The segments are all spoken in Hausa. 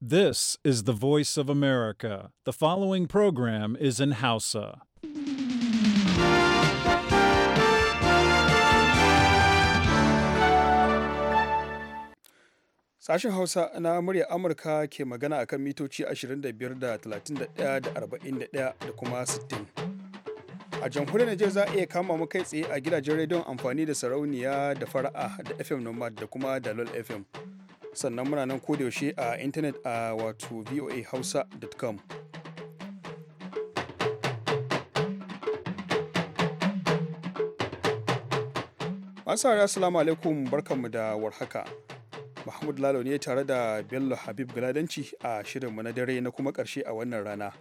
This is the voice of America. The following program is in Hausa. Sashen Hausa na murya Amurka ke magana akan mitoci 25 da 31 da 41 da kuma 60. A jamhuriyar Najeriya za a iya kama mu kai tsaye a gidajen rediyon amfani da sarauniya da fara'a da FM Nomad da kuma Dalol FM. sannan muna nan yaushe a intanet a wato voahausa.com masu hari assalamu alaikum barkanmu da warhaka Mahmud Lalo ne tare da Bello Habib Galadanci a shirinmu na dare na kuma karshe a wannan rana.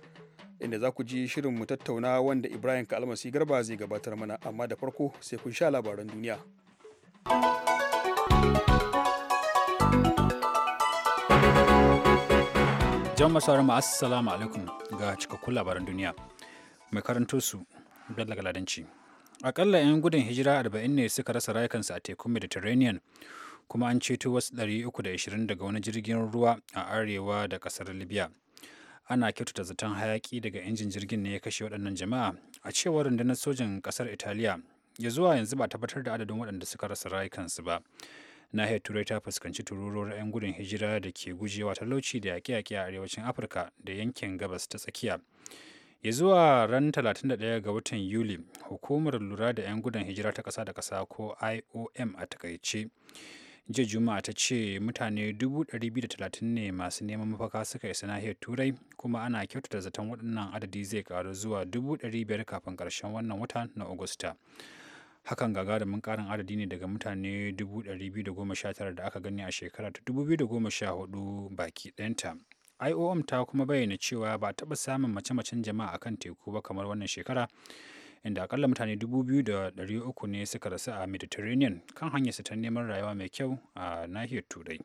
Inda za ku ji mu tattauna wanda Ibrahim Kalmasi Garba zai gabatar mana amma da farko sai kun sha labaran duniya. Jan masarar mu assalamu alaikum ga cikakkun labaran duniya. Mai karanto su Bello Galadanci. Akalla 'yan gudun hijira 40 ne suka rasa rayukansu a tekun Mediterranean kuma an ceto wasu 320 daga wani jirgin ruwa a arewa da kasar Libya. Ana kyautata zaton hayaki daga injin jirgin ne ya kashe waɗannan jama'a a cewar rundunar sojin kasar Italiya ya zuwa yanzu ba tabbatar da adadin waɗanda suka rasa rayukansu ba. nahiyar turai ta fuskanci tururuwar 'yan gudun hijira da ke gujewa talauci da yaƙe-yaƙe a arewacin afirka da yankin gabas ta tsakiya ya zuwa ran 31 ga watan yuli hukumar lura da 'yan gudun hijira ta ƙasa da ƙasa ko iom a takaice jiya juma'a ta ce mutane 230 ne masu neman mafaka suka isa nahiyar turai kuma ana kyautata zaton waɗannan adadi zai karu zuwa 500 kafin ƙarshen wannan wata na agusta hakan gagarumin karin adadi ne daga mutane 219 da aka gani a shekara ta 2014 baki ɗanta iom ta kuma bayyana cewa ba taɓa samun mace-macen jama'a a kan teku ba kamar wannan shekara inda akalla mutane 2,300 ne suka rasu a mediterranean kan hanyarsu ta neman rayuwa mai kyau a nahiyar turai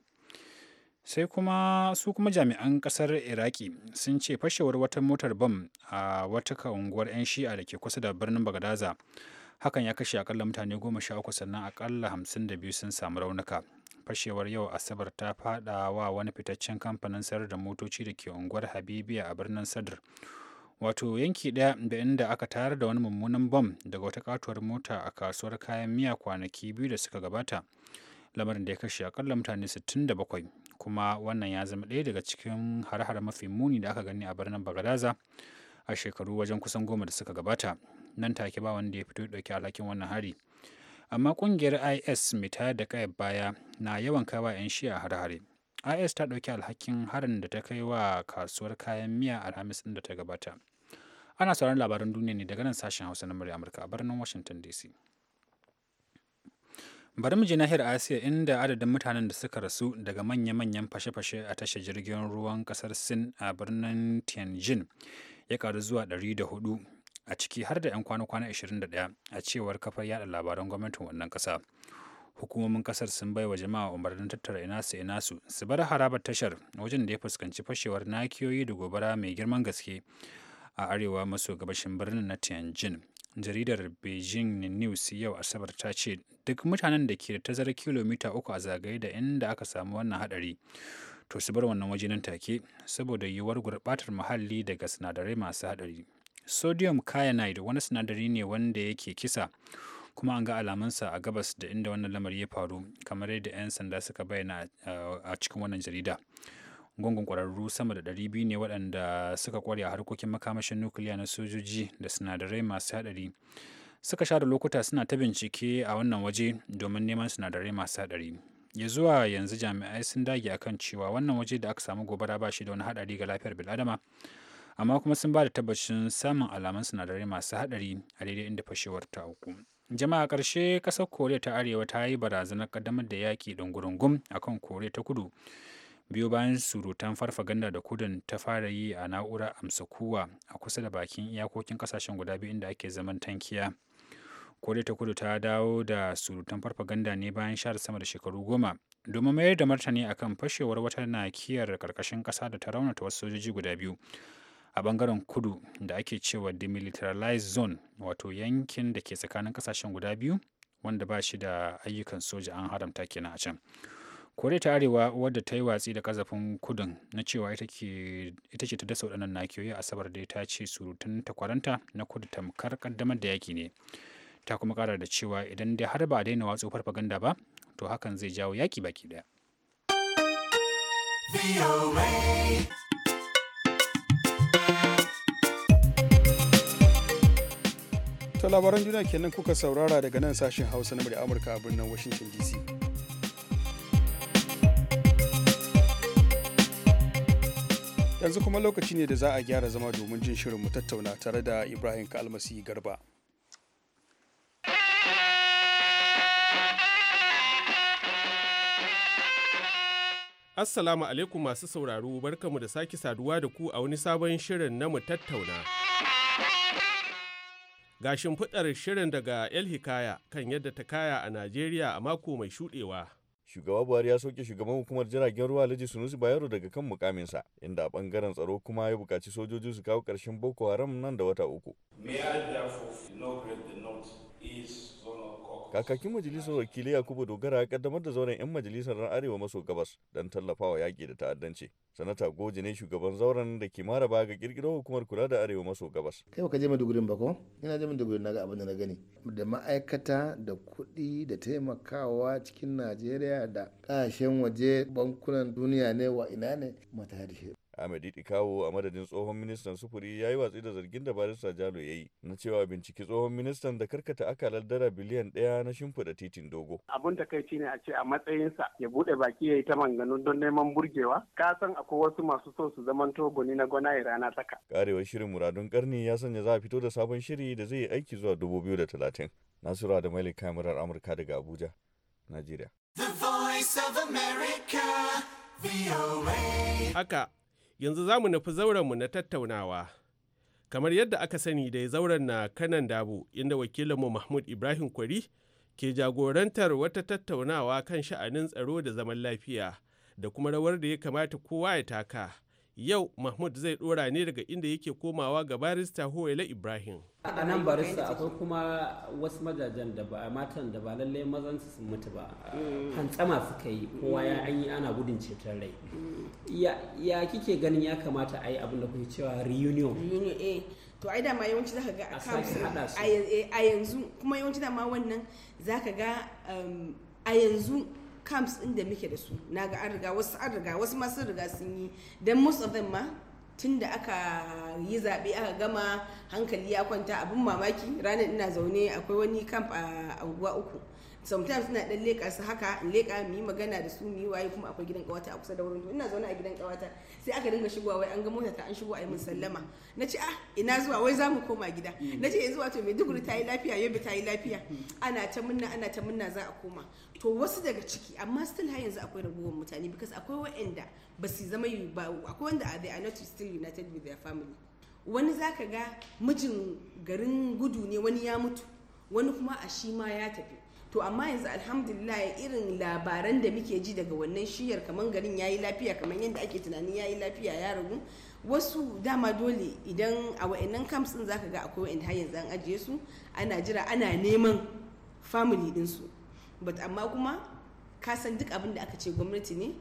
sai kuma su kuma jami'an ƙasar iraki sun ce fashewar wata motar bam a wata unguwar 'yan shi'a da ke kusa da birnin bagadaza hakan ya kashe akalla mutane goma sha uku sannan akalla hamsin da biyu sun samu raunuka fashewar yau asabar ta fada wa wani fitaccen kamfanin sayar da motoci da ke unguwar habibiya a birnin sadr wato yanki daya da inda aka tayar da wani mummunan bom daga wata katuwar mota a kasuwar kayan miya kwanaki biyu da suka gabata lamarin da ya kashe akalla mutane 67 kuma wannan ya zama ɗaya daga cikin har-har mafi muni da aka gani a birnin bagadaza a shekaru wajen kusan goma da suka gabata nan take ba wanda ya fito ya ɗauki alhakin wannan hari amma kungiyar is mai tayar da kayar baya na yawan kawa 'yan shi'a har-hare is ta dauki alhakin harin da ta kai wa kasuwar kayan miya alhamis din da ta gabata ana sauran labaran duniya ne daga nan sashen hausa na murya amurka a birnin washington dc bari mu je nahiyar asiya inda adadin mutanen da suka rasu daga manya-manyan fashe-fashe a tashar jirgin ruwan kasar sin a birnin tianjin ya karu zuwa 104 a ciki har da 'yan kwana-kwana 21 a cewar kafar yada labaran gwamnatin wannan kasa Hukumomin kasar sun bai wa jama'a umarnin tattara ina su ina su su bar harabar tashar wajen da ya fuskanci fashewar nakiyoyi da gobara mai girman gaske a arewa maso gabashin birnin na Tianjin. Jaridar Beijing News yau Asabar ta ce duk mutanen da ke da tazarar kilomita uku a zagaye da inda aka samu wannan hadari to su bar wannan waje nan take saboda yiwuwar gurɓatar muhalli daga sinadarai masu hadari. sodium cyanide wani sinadari ne wanda yake kisa kuma an ga alamansa a gabas da inda wannan lamari ya faru kamar yadda 'yan sanda suka bayyana uh, a cikin wannan jarida gungun kwararru sama da 200 ne waɗanda suka kware a harkokin makamashin nukiliya na sojoji da sinadarai masu haɗari suka sha share lokuta suna ta bincike a wannan waje domin neman sinadarai masu haɗari ya zuwa yanzu jami'ai sun dage akan cewa wannan waje da aka samu gobara ba shi da wani haɗari ga lafiyar bil'adama amma kuma sun ba da tabbacin samun alamun sinadarai masu hadari a daidai inda fashewar ta auku jama'a ƙarshe ƙasar koriya ta arewa ta yi barazanar ƙaddamar da yaƙi ɗungurungum a kan koriya ta kudu biyo bayan surutan farfaganda da kudin ta fara yi a na'urar amsa kuwa a kusa da bakin iyakokin ƙasashen guda biyu inda ake zaman tankiya koriya ta kudu ta dawo da surutan farfaganda ne bayan share sama da shekaru goma domin mayar da martani akan fashewar wata nakiyar karkashin ƙasa da ta raunata wasu sojoji guda biyu a bangaren kudu da ake cewa demilitarized zone wato yankin da ke tsakanin kasashen guda biyu wanda ba shi da ayyukan soja an haramta kenan a can koriya ta arewa wadda ta yi watsi da kazafin kudin na cewa ita ce ta dasa waɗannan nakiyoyi asabar da ta ce surutun takwaranta na kudu tamkar kaddamar da yaki ne ta kuma ƙara da cewa idan dai har ba a daina watsu farfaganda ba to hakan zai jawo yaki baki ɗaya. To labaran juna kenan kuka saurara daga nan sashen Hausa na Amurka a birnin Washington DC. Yanzu kuma lokaci ne da za a gyara zama domin jin shirin mu tattauna tare da Ibrahim Kalmasi Garba. Assalamu alaikum masu sauraro barkamu da sake saduwa da ku a wani sabon shirin na mu tattauna. Ga shimfiɗar shirin daga El Hikaya kan yadda ta kaya a Najeriya a mako mai shuɗewa. shugaba buhari ya soke shugaban hukumar jiragen ruwa alhaji sunusi bayero daga kan mukaminsa inda a ɓangaren tsaro kuma ya bukaci sojoji su kawo ƙarshen boko haram nan da wata uku Kakakin majalisar wakilai Yakubu Dogara ya kaddamar da zauren 'yan majalisar ran Arewa maso gabas don tallafawa yaƙi da ta'addanci. Sanata Goji ne shugaban zauren da ke mara ba ga kirkirar hukumar kula da Arewa maso gabas. Kai ba ka je Maiduguri ba ko? Ina je Maiduguri na ga abin da na gani. Da ma'aikata da kuɗi da taimakawa cikin Najeriya da ƙasashen waje bankunan duniya ne wa ina ne mata da shi. Ahmed Kawo a madadin tsohon ministan sufuri ya yi watsi da zargin da barista Jalo ya yi na cewa binciki tsohon ministan da karkata akalar dara biliyan ɗaya na shimfiɗa titin dogo. Abun takaici ne a ce a matsayinsa ya buɗe baki ya yi ta manganu don neman burgewa. Ka san akwai wasu masu so su zaman ni na gwanaye rana tsaka. Karewar shirin muradun karni ya sanya za a fito da sabon shiri da zai yi aiki zuwa dubu biyu da talatin. Nasiru da Malik kamarar Amurka daga Abuja, Najeriya. Haka yanzu za mu nufi zaurenmu na tattaunawa. Kamar yadda aka sani da zauren na kanan dabu inda wakilinmu Mahmud Ibrahim Kwari ke jagorantar wata tattaunawa kan sha'anin tsaro da zaman lafiya da kuma rawar da ya kamata kowa ya taka Yau Mahmud zai dora ne daga inda yake komawa ga barista Huwaila Ibrahim. A nan barista akwai kuma wasu majajen da ba matan da ba lallai mazan su sun mutu ba. Hantsama suka yi kowa ya an yi ana gudun ceton rai. Ya kike ganin ya kamata a yi abin da kuke cewa reunion. Eh. To ai dama yawanci zaka ga eh, a yanzu kuma yawanci dama wannan zaka ga um, a yanzu camps ɗin da muke da su na ga an riga wasu an riga wasu masu riga sun yi dan most of them ma tun da aka yi zaɓe aka gama hankali ya kwanta abin mamaki ranar ina zaune akwai wani camp a anguwa uku sometimes suna dan leka su haka in leka mu yi magana da su mu yi waye kuma akwai gidan kawata a kusa da wurin ina zaune a gidan kawata sai aka dinga shigowa wai an ga mota ta an shigo a yi min sallama na ce ah ina zuwa wai za mu koma gida mm. na ce yanzu eh, wato Maiduguri ta yi lafiya Yobe ta yi lafiya mm. ana ta munna ana ta munna za a koma to wasu daga ciki amma still har yanzu akwai raguwar mutane because akwai wa'anda ba su zama ba akwai wanda they are not still united with their family wani zaka ga mijin garin gudu ne wani ya mutu wani kuma a shi ma ya tafi to amma yanzu alhamdulillah irin labaran da muke ji daga wannan shiyar kamar garin yayi lafiya kamar yadda ake tunanin yayi lafiya ya ragu wasu dama dole idan a wa'annan camps din zaka ga akwai wa'anda har yanzu an ajiye su ana jira ana neman family din su but amma kuma ka san duk abin da aka ce gwamnati ne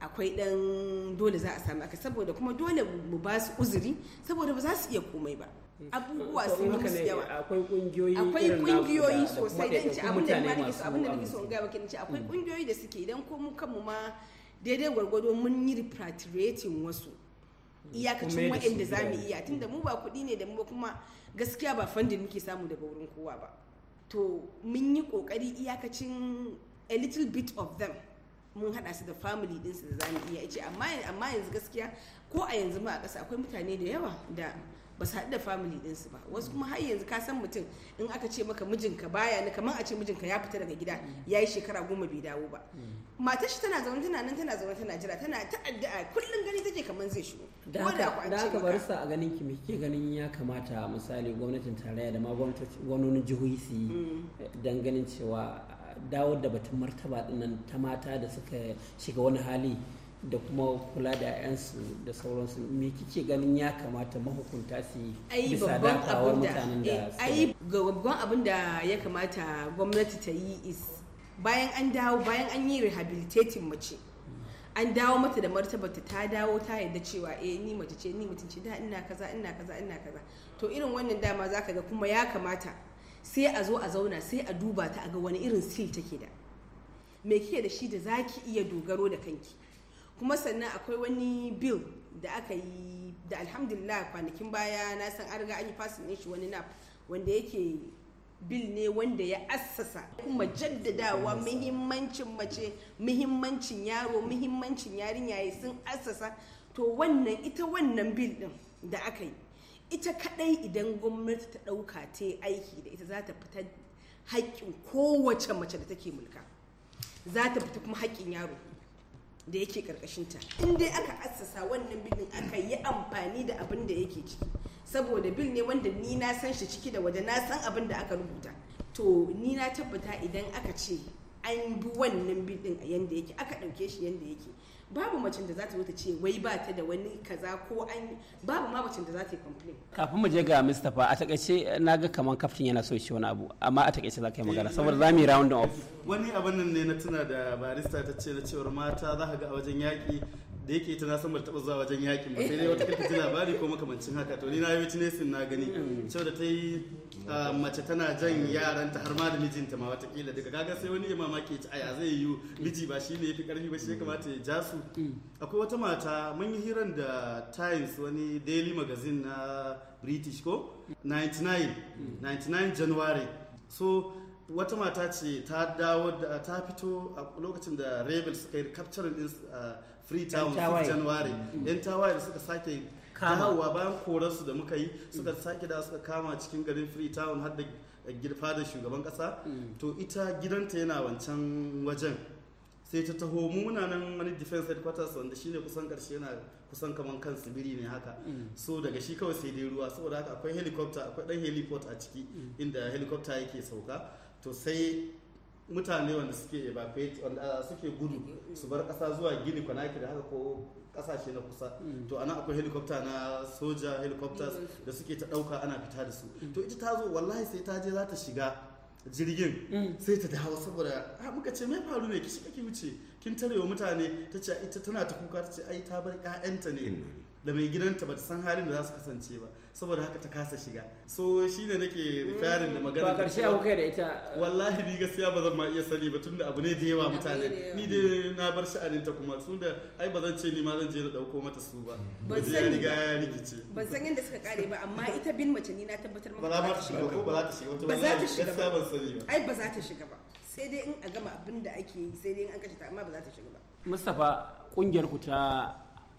akwai dan dole za a samu aka saboda kuma dole mu ba su uzuri saboda ba za su iya komai ba Eh, abubuwa sun yi musu yawa akwai kungiyoyi akwai kungiyoyi sosai dan ci abin da ma nake so abin da nake so in ga baka ci akwai kungiyoyi mm. da suke idan ko mu kanmu ma daidai gwargwado mun yi repatriating wasu mm. iyakacin waɗanda za mu iya tunda mu ba kuɗi ne da mu ba kuma gaskiya ba fandin muke samu daga wurin kowa ba to mun yi ƙoƙari iyakacin a little bit of them mun haɗa su da family ɗinsu da za mu iya ce amma yanzu gaskiya ko a yanzu ma a ƙasa akwai mutane da yawa da ba su haɗu da family ɗinsu ba wasu kuma har yanzu ka san mutum in aka ce maka mijinka baya ni kamar a ce mijinka ya fita daga gida ya yi shekara goma bai dawo ba mm. matar shi tana zaune tana nan tana zaune tana jira tana ta addu'a kullum gani take kamar zai shigo da haka sa a ganin ki me ganin ya kamata misali gwamnatin tarayya da ma gwamnatin jihohi su yi mm. dan ganin cewa dawo da batun martaba dinnan ta mata da suka shiga wani hali da kuma kula da yansu da sauransu me kike ganin ya kamata mahukunta su yi bisa dakawar mutanen da eh, ayi babban abin da ya kamata gwamnati ta yi is bayan an dawo bayan an yi rehabilitating mace an dawo mata da martabarta ta dawo ta yadda cewa eh ni mace ce ni mutum ce da ina kaza ina kaza ina kaza to irin wannan dama zaka ga kuma ya kamata sai a zo a zauna sai a duba ta a ga wani irin skill take da me kike da shi da zaki iya dogaro da kanki kuma sannan akwai wani bill da aka yi da alhamdulillah kwanakin baya na san an riga an yi fasin shi wani nap wanda yake bil ne wanda ya assasa kuma jaddadawa muhimmancin mace muhimmancin yaro muhimmancin yarinya sun assasa to wannan ita wannan bil din da aka yi ita kadai idan gwamnati ta dauka ta yi aiki da ita za ta fita haƙƙin kowace mace da take mulka za ta fita kuma haƙƙin yaro da yake karkashinta in dai aka assasa wannan bilin aka yi amfani da abin da yake ciki saboda bil ne wanda ni na san shi ciki da waje na san abin da aka rubuta to ni na tabbata idan aka ce an bi wannan bil a yanda yake aka ɗauke shi yanda yake babu macin da za ta zo ce wai ba ta da wani kaza ko an babu ma macin da za ta yi complain kafin mu je ga Mustapha a takaice na ga kaman kaftin yana so shi wani abu amma a takaice za ka yi magana eh, saboda za mu yi round off wani abin nan ne na tuna da barista ta ce na cewar mata za ka ga a wajen yaki. da yake ita na san bata taba zuwa wajen yakin ba sai dai wata kirki labari ko makamancin haka to ni na yi witnessin na gani mm. da ta yi ah, mace tana jan yaranta har ma da mijinta ma watakila daga kaga sai wani ya mamaki ci aya zai yiwu miji ba shi ne ya fi karfi ba shi ya kamata ya ja su mm. akwai wata mata mun yi hiran da times wani daily magazine na british ko 99 99 mm. january so wata mata ce ta dawo da ta fito a lokacin da rebels suka yi capturing din ah, freetown 5 january yan mm. tawaye da suka sake kamawa bayan korarsu da muka yi suka mm. sake da suka kama cikin garin freetown har da girfa da shugaban kasa mm. to ita gidanta yana wancan wajen sai ta taho munanan wani defense headquarters wanda shine kusan karshe yana kusan kaman kan sibiri ne haka so daga shi kawai sai dai ruwa saboda haka akwai helicopter akwai dan heliport a ciki inda helicopter yake sauka to sai mutane wanda suke evacuate wanda suke gudu su bar kasa zuwa gini kwanaki da haka ko kasashe na kusa mm. to ana akwai helicopter na soja helicopters mm. da suke ta dauka ana fita da su to ita ta zo wallahi sai ta je za ta shiga jirgin mm. sai ta dawo saboda a ah, muka ce mai faru ne ki shiga ki wuce kin tarewa mutane ta ce ita tana ta kuka ta ce ai ta bar ƴaƴanta ne da mai gidanta ba ta san halin da za su kasance ba saboda haka ta kasa shiga so shi ne nake rifarin da magana ba karshe abu kai da ita uh, wallahi ni gaskiya ba zan ma iya sani ba tunda abu ne da yawa mutane ni dai na bar sha'anin ta kuma tunda ai ba zan ce ni ma zan je da dauko mata su ba ba zan riga ya rikice ban san yadda suka kare ba amma ita bin mace ni na tabbatar maka ba za ta shiga ko ba za ta shiga ba za ta shiga ba ai ba za ta shiga ba sai dai in a gama abin da ake yi sai dai in an kashe ta amma ba za ta shiga ba Mustapha kungiyar ku ta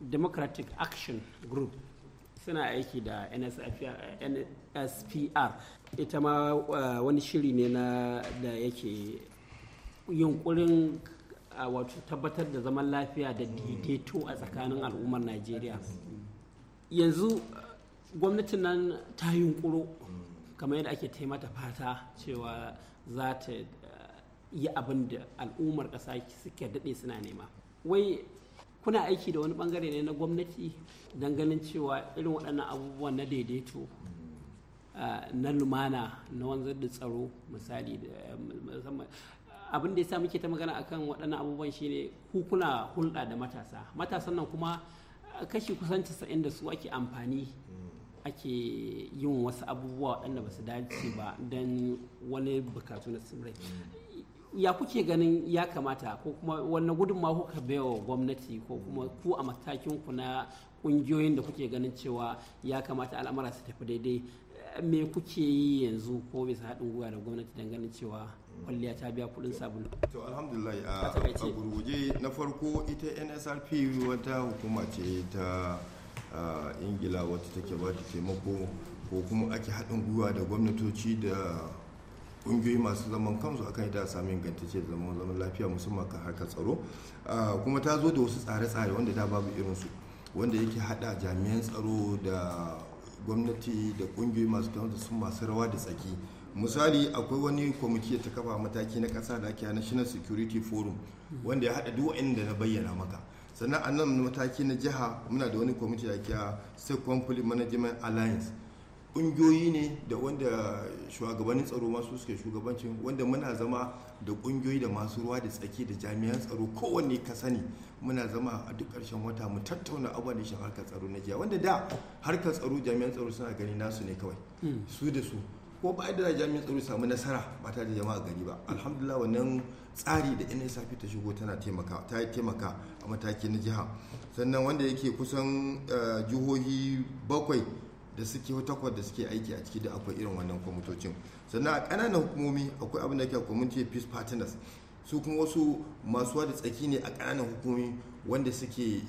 democratic action group suna aiki da nspr ita ma eh, wani shiri ne na da yake yunkurin eh, wato tabbatar da zaman lafiya da daidaito a tsakanin al'ummar najeriya yanzu eh, gwamnatin nan ta yunkuro kamar yadda ake taimata fata cewa za ta yi abin da al'ummar ƙasa suke daɗe suna nema wai kuna aiki da wani bangare ne na gwamnati don ganin cewa irin waɗannan abubuwan na daidaito na lumana na wanzar da tsaro misali musamman abin da ya sa muke ta magana akan waɗannan abubuwan shine ku kuna hulɗa da matasa matasan nan kuma kashi kusan casa'in da su ake amfani ake yin wasu abubuwa waɗanda ba su dace ba don wani bukatu na tsibirai ya kuke ganin ya kamata ko kuma wannan gudunmawa kuka baiwa gwamnati ko kuma ku a matakin ku na kungiyoyin da kuke ganin cewa ya kamata al'amura su tafi daidai me kuke yi yanzu ko bisa haɗin gwiwa da gwamnati don ganin cewa kwalliya ta biya kuɗin sabulu to alhamdulillah a gurguje na farko ita nsrp wata hukuma ce ta ingila wata take ba ta taimako ko kuma ake haɗin gwiwa da gwamnatoci da kungiyoyi masu zaman kansu akan ita a samu ingantacce da zaman zaman lafiya musamman kan harkar tsaro kuma ta zo da wasu tsare-tsare wanda da babu irinsu wanda yake hada jami'an tsaro da gwamnati da kungiyoyi masu kansu sun masu rawa da tsaki misali akwai wani kwamiti ta kafa mataki na kasa da ake national security forum wanda ya hada duk da na bayyana maka sannan a nan mataki na jiha muna da wani kwamiti da ake state conflict management alliance kungiyoyi ne da wanda shugabannin tsaro masu suke shugabancin wanda muna zama da kungiyoyi da masu ruwa da tsaki da jami'an tsaro kowanne ka sani muna zama a duk ƙarshen wata mu tattauna abubuwan da harkar tsaro na jiya wanda da harkar tsaro jami'an tsaro suna gani nasu ne kawai hmm. su da su ko ba da jami'an tsaro samu nasara ba ta da jama'a gani ba alhamdulillah wannan tsari da safi ta shigo tana taimaka ta taimaka a mataki na jiha sannan wanda yake kusan eh, jihohi bakwai da suke takwas da suke aiki a ciki da akwai irin wannan kwamitocin sannan a ƙananan hukumomi akwai abin da ke community peace partners su kuma wasu masu da tsaki ne a ƙananan hukumomi wanda suke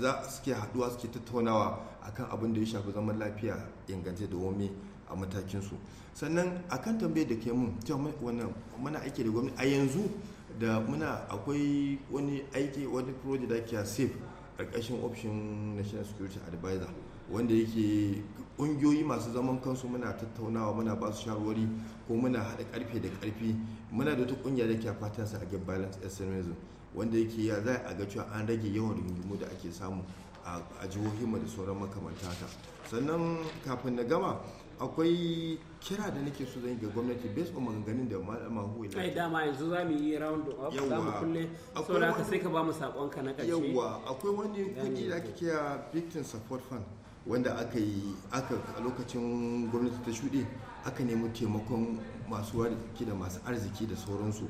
da suke haduwa suke tattaunawa akan abin da ya shafi zaman lafiya ingance da wame a matakinsu sannan akan tambayar da ke mun cewa wannan muna aiki da gwamnati a yanzu da muna akwai wani aiki wani project da ke safe ƙarƙashin option national security advisor wanda yake ƙungiyoyi masu zaman kansu muna tattaunawa muna ba su shawarwari ko muna haɗa ƙarfe da ƙarfi muna da wata ƙungiya da ke fatan sa a get balance extremism wanda yake ya za a ga cewa an rage yawan rungumu da ake samu a jihohinmu da sauran makamanta ta sannan kafin na gama akwai kira da nake so zan ga gwamnati based on maganganun da malama huwa ai dama yanzu za mu yi round up za mu kulle saboda sai ka ba mu sakonka na ƙarshe yawa akwai wani kudi da ake kira victim support fund wanda aka yi aka a lokacin gwamnati ta shuɗe aka nemi taimakon masu warki da masu arziki da sauransu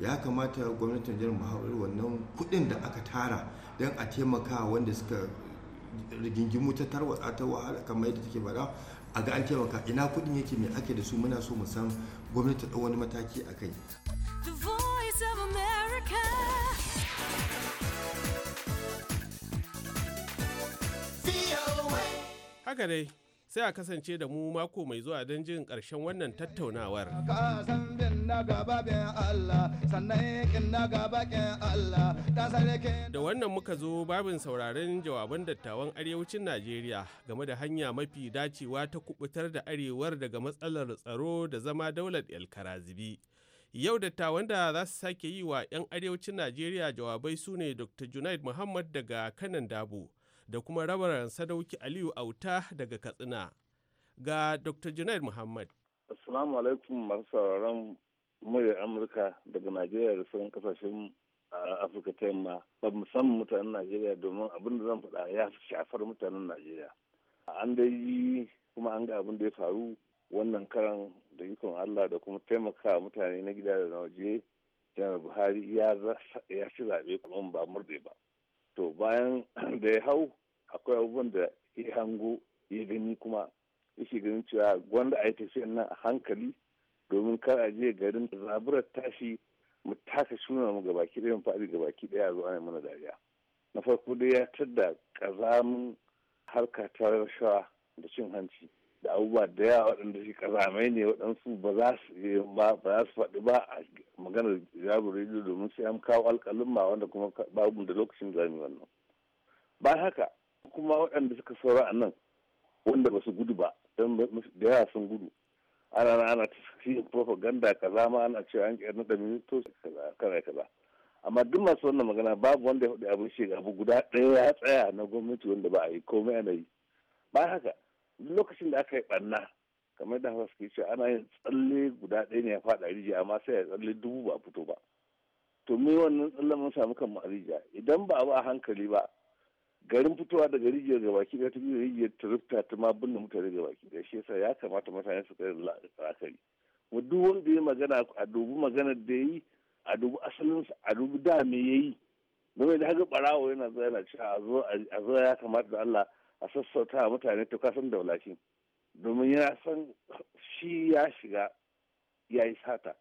ya kamata gwamnatin jihar muhammadu wannan kuɗin da aka tara don a taimaka wanda suka rigingimu ta tarwatsa ta wahala kamar yadda take faɗa a ga an taimaka ina kuɗin yake mai ake da su muna so mu san gwamnati ta wani mataki a kai. The haka dai sai a kasance da mu mako mai zuwa don jin ƙarshen wannan tattaunawar. Da wannan muka zo babin sauraron jawaban dattawan arewacin Najeriya game da hanya mafi dacewa ta kubutar da arewar daga matsalar tsaro da zama daular El Yau dattawan da za su sake yi wa 'yan arewacin Najeriya jawabai su ne Dr. Junaid Muhammad daga kanan Dabo. da kuma rabaran sadauki aliyu auta daga katsina ga dr junaid muhammad assalamu alaikum masu sauraron muryar amurka daga najeriya da sauran kasashen afirka ta yamma ba musamman mutanen najeriya domin abin da zan faɗa ya shafar mutanen najeriya an dai yi kuma an ga abin da ya faru wannan karan da ikon allah da kuma taimaka mutane na gida da na waje janar buhari ya ci zaɓe kuma ba murɗe ba to bayan da ya hau akwai abubuwan da ya hango ya gani kuma yake ganin cewa gwanda a yi tafiyan nan a hankali domin kar a je garin zaburar tashi mu taka suna mu gabaki ɗaya mu faɗi ki ɗaya zuwa ne mana dariya na farko dai ya tadda ƙazamin harka ta rashawa da cin hanci da abubuwa da yawa waɗanda shi kazamai ne waɗansu ba za su ba za su faɗi ba a maganar jabu rediyo domin sai an kawo alƙalin ma wanda kuma babu da lokacin da wannan ba haka kuma waɗanda suka saura a nan wanda ba su gudu ba don da yawa sun gudu ana na ana yin propaganda kaza ma ana cewa an ƙyar da ministoci kaza kaza amma duk masu wannan magana babu wanda ya faɗi abin shi abu guda ɗaya ya tsaya na gwamnati wanda ba a yi komai ana yi ba haka lokacin da aka yi ɓanna kamar da hausa suke cewa ana yin tsalle guda ɗaya ne ya faɗa rijiya amma sai ya tsalle dubu ba fito ba to me wannan tsallen mun samu kan a idan ba a hankali ba garin fitowa daga rijiyar ga baki ɗaya ta biyu rijiyar ta rufta ta ma binne mutane ga baki ɗaya shi yasa ya kamata mutane su kai la'akari mu duk wanda ya magana a dubu maganar da ya yi a asalin asalinsa a dubu da me ya yi domin da haka ɓarawo yana zuwa yana cewa a zo ya kamata da Allah a sassauta mutane ta kasan daula domin ya san shi ya shiga ya yi sata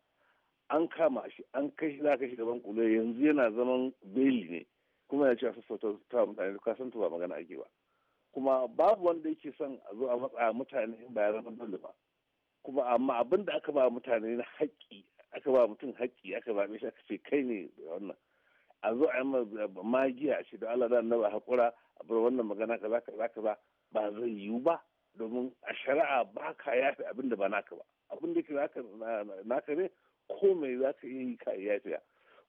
an kama shi an kai shi za shi gaban kulo yanzu yana zaman beli ne kuma ce a sassauta ta mutane ta kasan ba magana ake ba kuma babu wanda yake son a zo a matsa mutane ba ya zama dole ba kuma amma abin da aka ba mutane na haƙƙi aka ba mutum haƙƙi aka ba shi aka ce kai ne wannan a zo a yi magiya a da Allah zan naba hakura a bar wannan magana kaza kaza kaza ba zai yiwu ba domin a shari'a ba ka yafe abin da ba naka ba abin da ke naka ne ko mai za ka iya yi ka yafe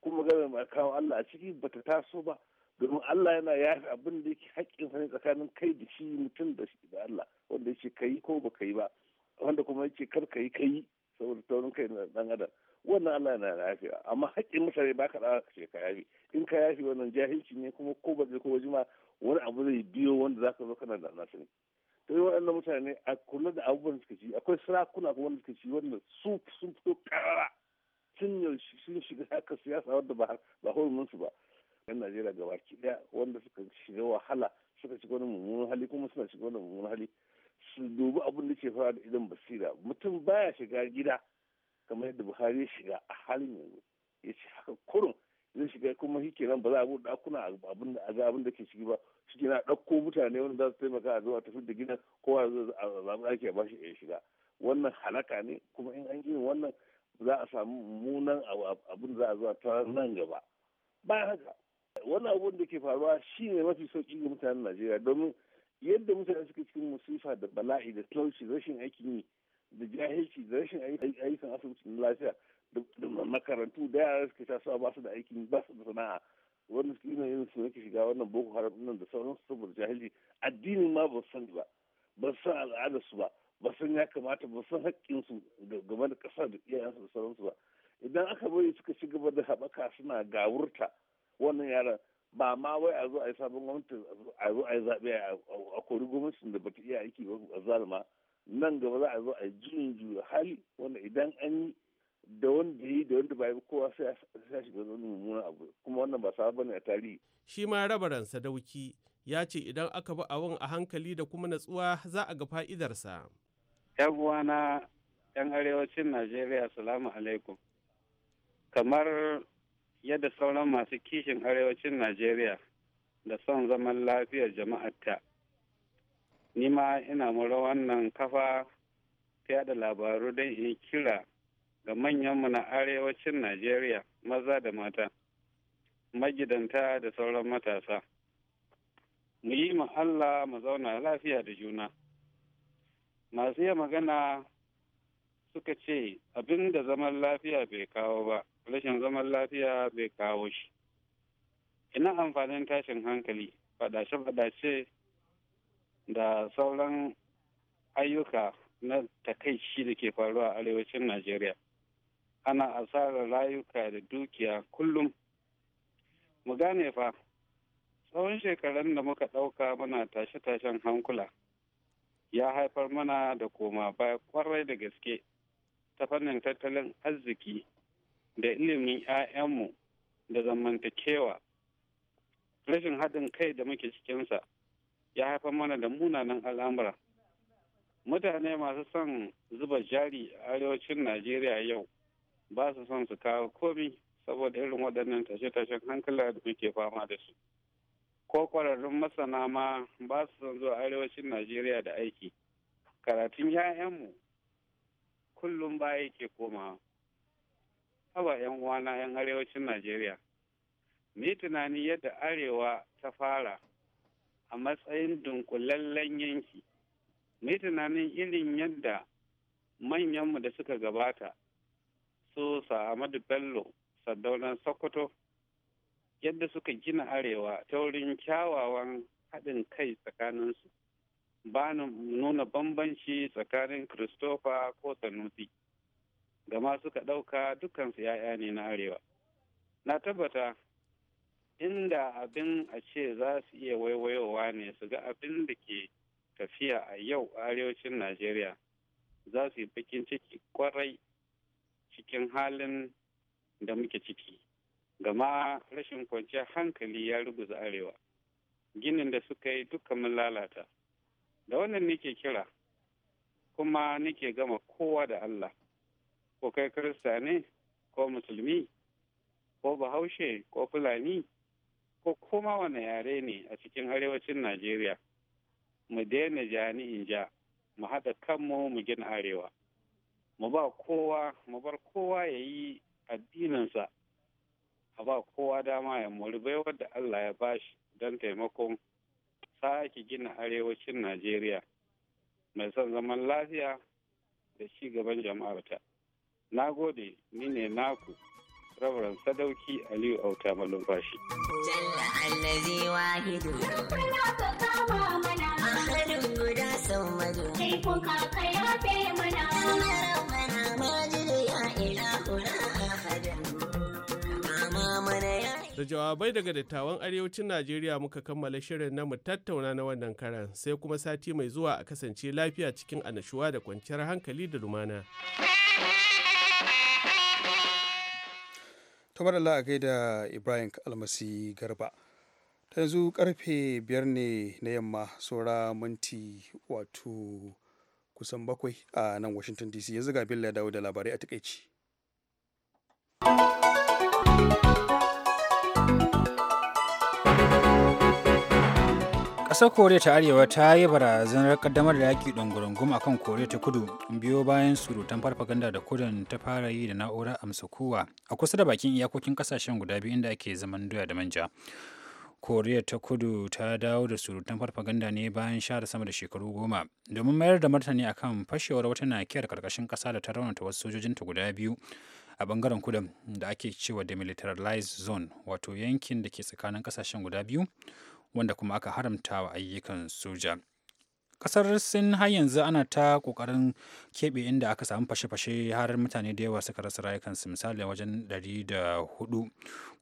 kuma maganar kawo Allah a ciki ba ta taso ba domin Allah yana yafe abin da yake haƙƙin sa tsakanin kai da shi mutum da shi da Allah wanda yake kai ko ba kai ba wanda kuma yake kar kayi kai saboda taurin kai na dan adam wannan Allah na yafi amma haƙƙin mutane ba ka ɗaga ce ka yafi in ka yafi wannan jahilci ne kuma ko ba zai ko jima wani abu zai biyo wanda za ka zo kana da nasu ne to waɗannan mutane a kula da abubuwan suka ci akwai sarakuna kuma wanda suka ci wanda su sun fito karara sun sun shiga haka siyasa wanda ba ba hurumin su ba yan Najeriya ga baki ɗaya wanda suka shiga wahala suka shiga wani mummunan hali kuma suna shiga wani mummunan hali su dubi abin da ke fara da idan basira mutum baya shiga gida kamar yadda buhari ya shiga a halin yanzu ya ce haka kurun zai shiga kuma shi kenan ba za a buɗe ɗakuna a ga abin da ke ciki ba shi kenan ɗauko mutane wanda za su taimaka a zuwa tafi da gidan kowa a zaɓi ake ba shi ya shiga wannan halaka ne kuma in an gini wannan za a samu mummunan abin za a zuwa ta nan gaba bayan haka wannan abin da ke faruwa shi ne mafi sauƙi ga mutanen najeriya domin yadda mutane suke cikin musifa da bala'i da talauci rashin aikin yi da jahilci da rashin aikin asibiti na lafiya da makarantu da yara suka sha suwa ba da aikin ba da sana'a wanda suke yin su nake shiga wannan boko haram nan da sauran saboda jahilci addinin ma ba su san ba ba su san al'adarsu ba ba san ya kamata ba san su game da ƙasa da iyayensu da sauransu ba idan aka bari suka ci gaba da haɓaka suna gawurta wannan yaran ba ma wai a zo a yi sabon gwamnati a zo a yi zaɓe a kori gwamnatin da bata iya aiki ba a zalima nan gaba za a zo a jin juya hali wanda idan an yi da wanda yi da wanda bai kowa sai ya shiga wani mummuna abu kuma wannan ba sa bane a tarihi shi ma rabaran sadauki ya ce idan aka bi abin a hankali da kuma natsuwa za a ga fa'idarsa yan uwana yan arewacin najeriya salamu alaikum kamar yadda sauran masu kishin arewacin najeriya da son zaman lafiyar jama'arta ni ma ina mura wannan kafa da labaru don in kira ga manyanmu na arewacin najeriya maza da mata magidanta da sauran matasa mu yi ma allah mu zauna lafiya da juna masu iya magana suka ce abin da zaman lafiya bai kawo ba rashin zaman lafiya bai kawo shi ina amfanin tashin hankali fadace-fadace da sauran ayyuka na takaici da ke faruwa a arewacin najeriya ana asarar rayuka da dukiya kullum mu gane fa tsawon shekarun da muka ɗauka muna tashe-tashen hankula ya haifar mana da koma baya kwarai da gaske ta fannin tattalin arziki da ilimin 'ya'yanmu da zamantakewa rashin haɗin kai da muke cikinsa ya haifar mana da munanan al'amura mutane masu son zuba jari a arewacin najeriya yau ba su son su kawo komi saboda irin waɗannan tashe-tashen hankala da muke fama da su ko ƙwararrun masana ma ba su son zuwa arewacin najeriya da aiki karatun 'ya'yanmu kullum ba yake komawa haba 'yan uwana 'yan arewacin najeriya Ni tunani yadda arewa ta fara a matsayin dunkulallen yanki mai tunanin irin yadda manyanmu da suka gabata su Ahmadu bello sardaunan sokoto yadda suka gina arewa ta wurin kyawawan haɗin kai tsakaninsu ba nuna bambanci tsakanin christopher ko sanusi gama suka ɗauka dukansu 'ya'ya ne na arewa na tabbata inda abin a ce za su iya waiwayowa ne su ga abin da ke tafiya a yau arewacin najeriya za su yi bakin ciki kwarai cikin halin da muke ciki gama rashin kwanciyar hankali ya ruguza arewa ginin da suka yi duka mun lalata da wannan nake kira kuma nake gama kowa da allah ko kai kirista ne ko musulmi ko bahaushe ko fulani ko kuma wane yare ne a cikin arewacin najeriya mu daina jani in ja mu haɗa kanmu mu gina arewa mu ba kowa mu bar kowa ya yi addininsa a ba kowa dama ya mori bai da allah ya bashi don taimakon sake gina arewacin najeriya mai son zaman lafiya da ci gaban jama'arta na gode ni ne naku Reverend Sadauki Aliyu Auta Malumfashi. allazi wahidu ka mana Da jawabai daga dattawan arewacin Najeriya muka kammala shirin na mu tattauna na wannan karan sai kuma sati mai zuwa a kasance lafiya cikin anashuwa da kwanciyar hankali da lumana. Tumar Allah a gaida Ibrahim Almasi Garba. yanzu karfe biyar ne na yamma saura minti wato kusan bakwai a nan washington dc yanzu ga billa dawo da labarai a takaici ƙasar koriya ta arewa ta yi barazanar kaddamar da yaƙi ɗungurungum a kan koriya ta kudu biyo bayan surutan farfaganda da kudin ta fara yi da na'urar amsa kowa a kusa da bakin iyakokin ƙasashen guda biyu inda ake zaman doya da manja koriya ta kudu ta dawo da surutan farfaganda ne bayan share sama da shekaru goma domin mayar da martani akan fashewar wata nakiyar karkashin kasa da ta raunata wasu sojojinta guda biyu a bangaren kudu da ake cewa demilitarized zone wato yankin da ke tsakanin kasashen guda biyu wanda kuma aka haramta wa ayyukan soja kasar sin har yanzu ana ta kokarin keɓe inda aka samu fashe-fashe har mutane da yawa suka rasa rayukansu misali wajen 104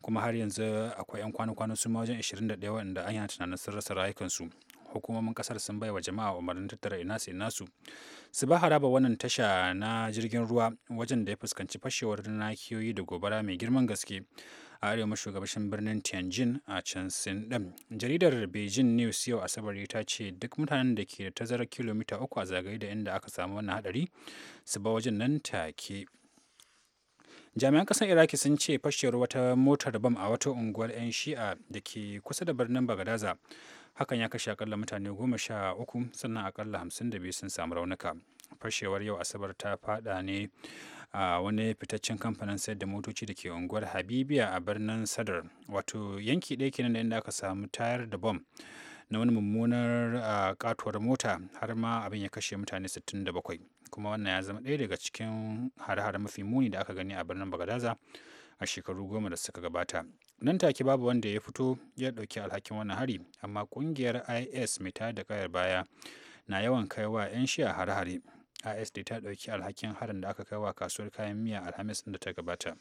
kuma har yanzu akwai 'yan kwana-kwana su wajen 21 wanda an yana tunanin sun rasa rayukansu hukumomin kasar sun bai wa jama'a umarnin tattara ina su nasu su su ba haraba wannan tasha na jirgin ruwa wajen da ya fuskanci fashewar nakiyoyi da gobara mai girman gaske a arewa maso gabashin birnin tianjin a can sin ɗin jaridar beijing news yau asabar ta ce duk mutanen da ke da tazarar kilomita uku a zagaye da inda aka samu wannan hadari su ba wajen nan take jami'an kasar iraki sun ce fashewar wata motar bam a wata unguwar 'yan shi'a da ke kusa da birnin bagadaza hakan ya kashe akalla mutane goma sha uku sannan akalla hamsin da biyu sun samu raunuka fashewar yau asabar ta fada ne a wani fitaccen kamfanin sayar da motoci da ke unguwar habibiya a birnin sadar wato yanki ɗaya kenan da inda aka samu tayar da bom na wani mummunar katuwar mota har ma abin ya kashe mutane 67 kuma wannan ya zama ɗaya daga cikin har-har mafi muni da aka gani a birnin bagadaza a shekaru goma da suka gabata nan take babu wanda ya fito ya ɗauki alhakin wannan hari amma ƙungiyar is mai tayar da kayar baya na yawan kaiwa 'yan shi a har hare ISD ta ɗauki alhakin harin da aka kai wa kasuwar kayan miya Alhamis da ta gabata.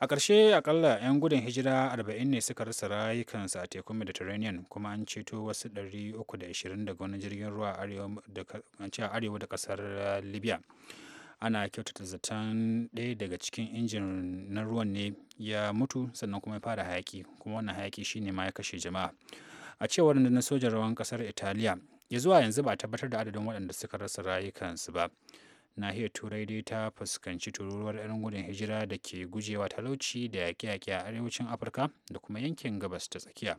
A ƙarshe akalla 'yan gudun hijira 40 ne suka rasa rayukansu a tekun Mediterranean kuma an ceto wasu 320 daga wani jirgin ruwa a arewa da ƙasar Libya. Ana kyautata zaton ɗaya daga cikin injin na ruwan ne ya mutu sannan kuma ya fara hayaki kuma wannan hayaki shine ma ya kashe jama'a. A cewar na sojan rawan ƙasar Italiya ya zuwa yanzu ba tabbatar da adadin waɗanda suka rasa rayukansu ba nahiyar turai dai ta fuskanci tururuwar 'yan gudun hijira da ke gujewa talauci da yaƙe-yaƙe a arewacin afirka da kuma yankin gabas ta tsakiya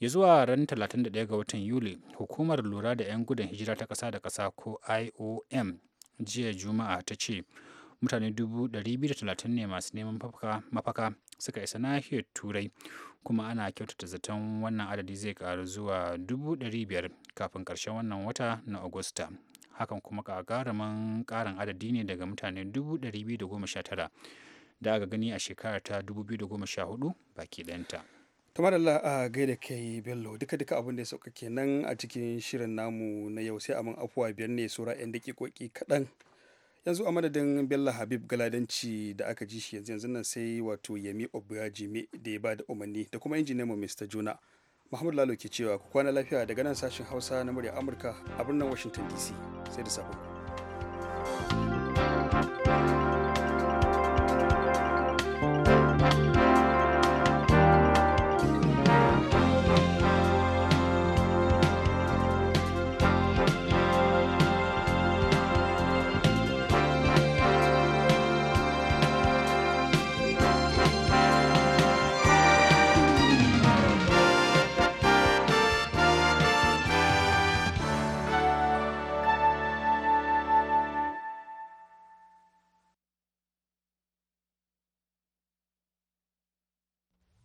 ya zuwa ran 31 ga watan yuli hukumar lura da 'yan gudun hijira ta ƙasa da ƙasa ko iom jiya juma'a ta ce mutane talatin ne masu neman mafaka suka isa nahiyar turai kuma ana kyautata zaton wannan adadi zai karu zuwa 500 kafin karshen wannan wata na agusta hakan kuma kagaraman karin adadi ne daga mutane 219 da aka gani a shekarar ta 2014 baki ɗanta. ta Allah a gaida kai bello duka duka abin da ya sauka kenan a cikin shirin namu na yau sai amin afuwa biyar ne sura 'yan dakikoki kaɗan yanzu a madadin bello habib galadanci da aka ji shi yanzu yanzu nan sai wato yami obrajime da ya bada umarni da kuma injiniyan mu mr juna muhammadu lalo ke cewa ku kwana lafiya daga nan sashen hausa na murya amurka a birnin washington dc sai da sabo